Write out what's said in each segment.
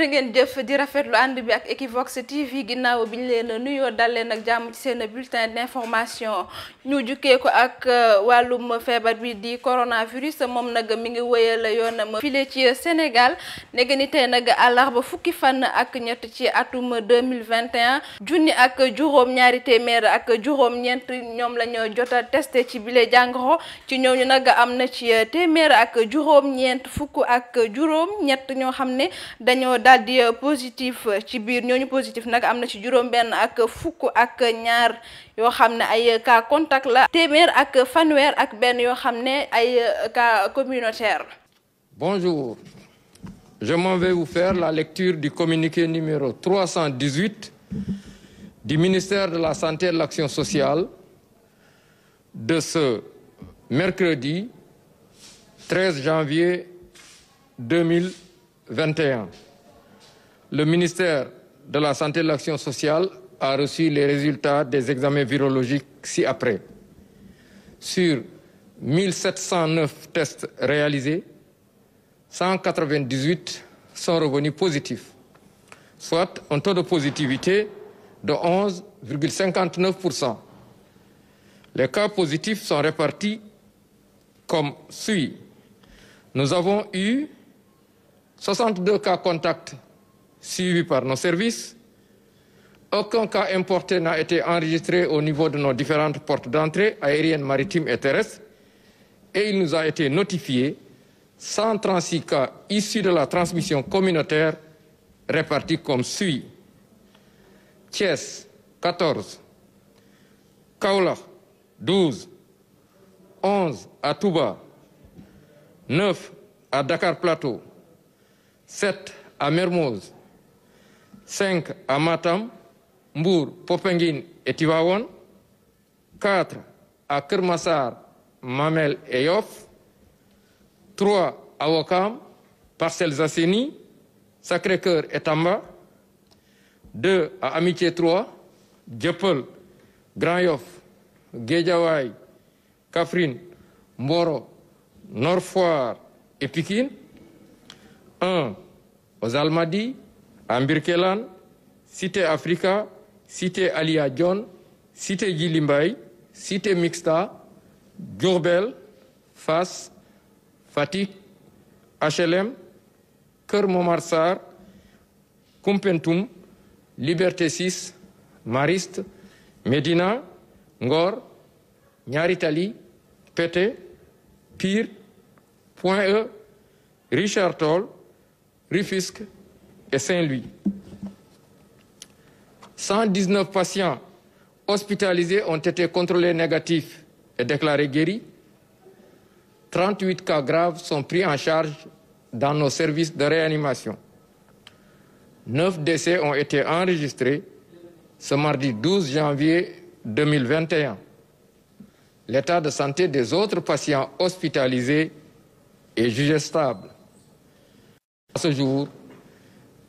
jërë ngeen jëf di rafetlu ànd bi ak Equivox TV ginnaaw bi ñu leen nuyoo dal leen ak jàmm ci seen bulletin d'information ñu jukkee ko ak euh, wàllum feebar bi di coronavirus moom nag mi ngi la wëyal yoonam file ci Sénégal nege ni tey nag àllarba fukki fan ak ñett ci atum deux mille vingt et un junni ak juróom ñaari téeméer ak juróom-ñeent ñoom la ñu jot ci bile jàngoro ci ñooñu nag am na ci téeméer ak juróom-ñeent fukk ak juróom-ñett ñoo xam ne dañoo. daal di euh, positif euh, ci biir ñooñu positif nag am na ci juróom-benn ak fukk ak ñaar yoo xam ne ay cas contact la téeméer ak fanweer ak benn yoo xam ne ay euh, cas communautaire bonjour je m'en vais vous faire la lecture du communiqué numéro 318 du ministère de la santé et de l'action sociale de ce mercredi 13 janvier 2021. Le ministère de la Santé et de l'Action sociale a reçu les résultats des examens virologiques ci-après. Sur 1709 tests réalisés, 198 sont revenus positifs, soit un taux de positivité de 11,59%. Les cas positifs sont répartis comme suit. Nous avons eu 62 cas contacts suivi par nos services. Aucun cas importé n'a été enregistré au niveau de nos différentes portes d'entrée aériennes, maritimes et terrestres. Et il de la transmission communautaire répartis comme suit. Thiès, 14. Kaolack, 12. à Touba. 9 à Dakar Plateau. à Mermoz. 5 à Matam, Mbour, Popengine et Tivaouane. 4 à Kermassar, Mamel et Yoff. 3 à Wakam, Parcelles Asseni, Sacré-Cœur Tamba. 2 à Amitié 3, Djepel, Grand Yoff, Guédiawaye, Kafrine, Mboro, Norfoire et Pikine. 1 à Birkelane cité Africa cité Alia John cité Djily cité Mixta Diourbel fas Fatick HLM Kër Momar Sarr Koumpentoum Liberté 6 Mariste Médina Ngor Ñaari Tali Pire E Richard Toll et Saint-Louis. 119 patients hospitalisés ont été contrôlés négatifs et déclarés guéris. 38 cas graves sont pris en charge dans nos services de réanimation. 9 décès ont été enregistrés ce mardi 12 janvier 2021. L'état de santé des autres patients hospitalisés est jugé stable. À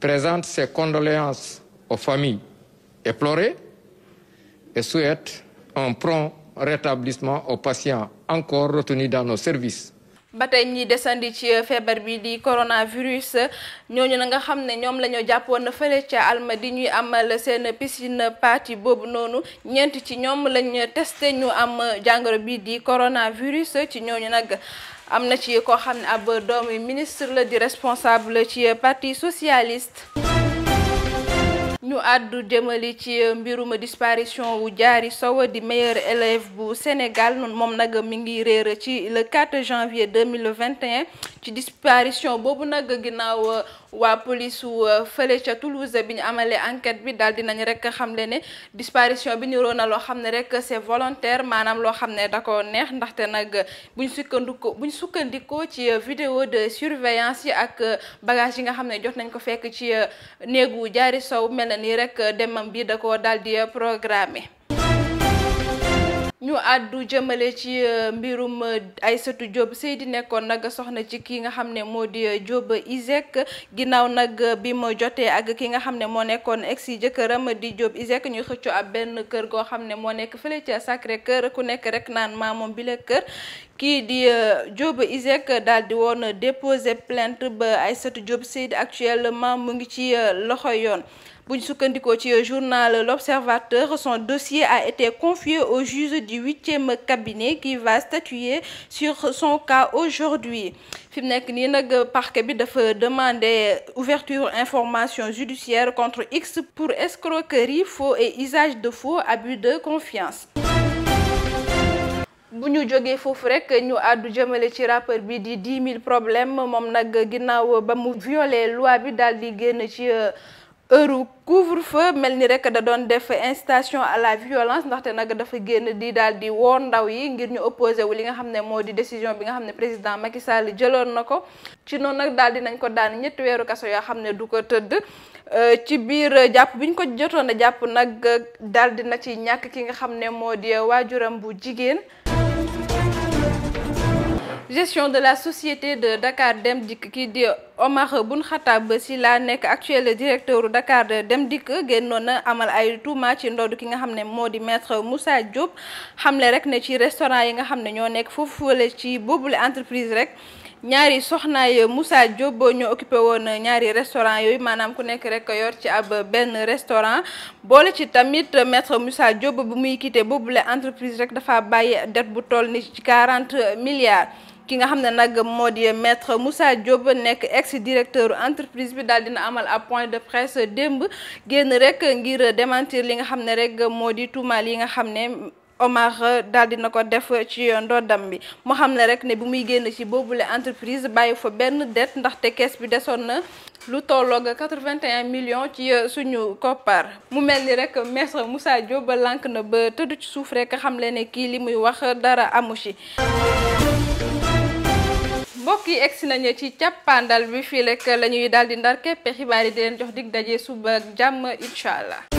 présente ses condoléances aux familles éplorées et souhaite un prompt rétablissement aux patients encore retenus dans nos services. ba ñi desandi ci feebar bi di coronavirus ñooñu na nga xam ne ñoom la ñoo jàppoon fële ca alma di ñuy amal seen piscine party boobu noonu ñeent ci ñoom lañ testé ñu am jàngoro bi di coronavirus ci ñooñu nag. am na ci koo xam ne ab doomu ministre la di responsable ci parti socialiste. ñu àddu jëmali ci mbirum disparition wu Diary Sow di meilleur élève bu Sénégal moom nag mi ngi réer ci le 4 janvier 2021 ci disparition boobu nag ginnaaw waa police wu euh, fële ca Toulouse bi ñu amalee enquête bi daal dinañ rek xamle ne disparition bi niroo na loo xam ne rek c'est volontaire maanaam loo xam ne da ko neex ndaxte nag buñ sukkandikoo buñ sukkandikoo ci euh, vidéo de surveillance yi ak euh, bagage yi nga xam ne jot nañ ko fekk ci néegu jaari sow mel na ni rek demam bi da ko daal di programmer ñu àddu jëmale ci euh, mbirum ay euh, Aïssatou sey di nekkoon nag soxna ci ki nga xam ne moo di jóoba euh, Iseg ginnaaw nag bi mu jotee ak ki nga xam ne moo nekkoon ex yi jëkkëram di Diop Iseg ñu xëccoo ab benn kër goo xam ne moo nekk fële ci ca Sacré Cœur ku nekk rek naan maa moom bile kër kii di jóoba Iseg daal di woon déposer plainte ba ay Aïssatou Diop Seydi actuellement mu ngi ci loxo yoon bu buñ sukkandikoo ci journal L'Observateur son dossier a été confié au juge du huitième cabinet qui va statuer sur son cas aujourd'hui fi mu nekk nii nag parquet bi dafa demander ouverture information judiciaire contre X pour escroquerie faux et isage de faux abus de confiance bu ñu jógee foofu rek ñu àddu jëmale ci rappeur bi di 10 000 problèmes moom nag ginnaaw ba mu violé loi bi dal di génn ci euh, heure couvre fa mel ni rek da doon def incitation à la violence ndaxte nag dafa génn di daal di woo ndaw yi ngir ñu opposé wu li nga xam ne moo di décision bi nga xam ne président Macky Sall jëloon na ko ci noonu nag daal di nañ ko daan ñetti weeru kaso yoo xam ne du ko tëdd euh, ci biir jàpp bi ñu ko jotoon a jàpp nag daal di na ci ñàkk ki nga xam ne moo di waajuram bu jigéen. gestion de la société de Dakar Dem Dikk kii di. Omar Boun Khattab si la nekk actuel directeur Dakar Dem Dikk génnoon na amal ay tuuma ci ndoddu ki nga xam ne moo di maître Moussa Diop xamle rek ne ci restaurant yi nga xam ne ñoo nekk foofu wala ci boobule entreprise rek. ñaari soxnaay Moussa Diop ñoo occupé woon ñaari restaurant yooyu maanaam ku nekk rek yor ci ab benn restaurant boole ci tamit maître Moussa Diop bu muy quitté boobule entreprise rek dafa bàyyi dette bu toll ni ci 40 milliards. ki nga xam ne nag moo di maître Moussa Diop nekk ex directeur entreprise bi daal dina amal ab point de presse démb génn rek ngir démentir li nga xam ne rek moo di tuumaal yi nga xam ne. Omar daal dina ko def ci ndoddam bi moo xam ne rek ne bu muy génn ci boobule entreprise bàyyi fa benn dette ndaxte kees bi desoon na lu tolloog 81 millions ci suñu koppar mu mel ni rek maître Moussa Diop lank na ba tëdd ci suuf rek xam le ne kii li muy wax dara amu ci mbokk yi egsi nañu ci càppaandal bi fii lekk la ñuy daal di ndar képp xibaar yi di leen jox dig daje suba ak jàmm incha allah.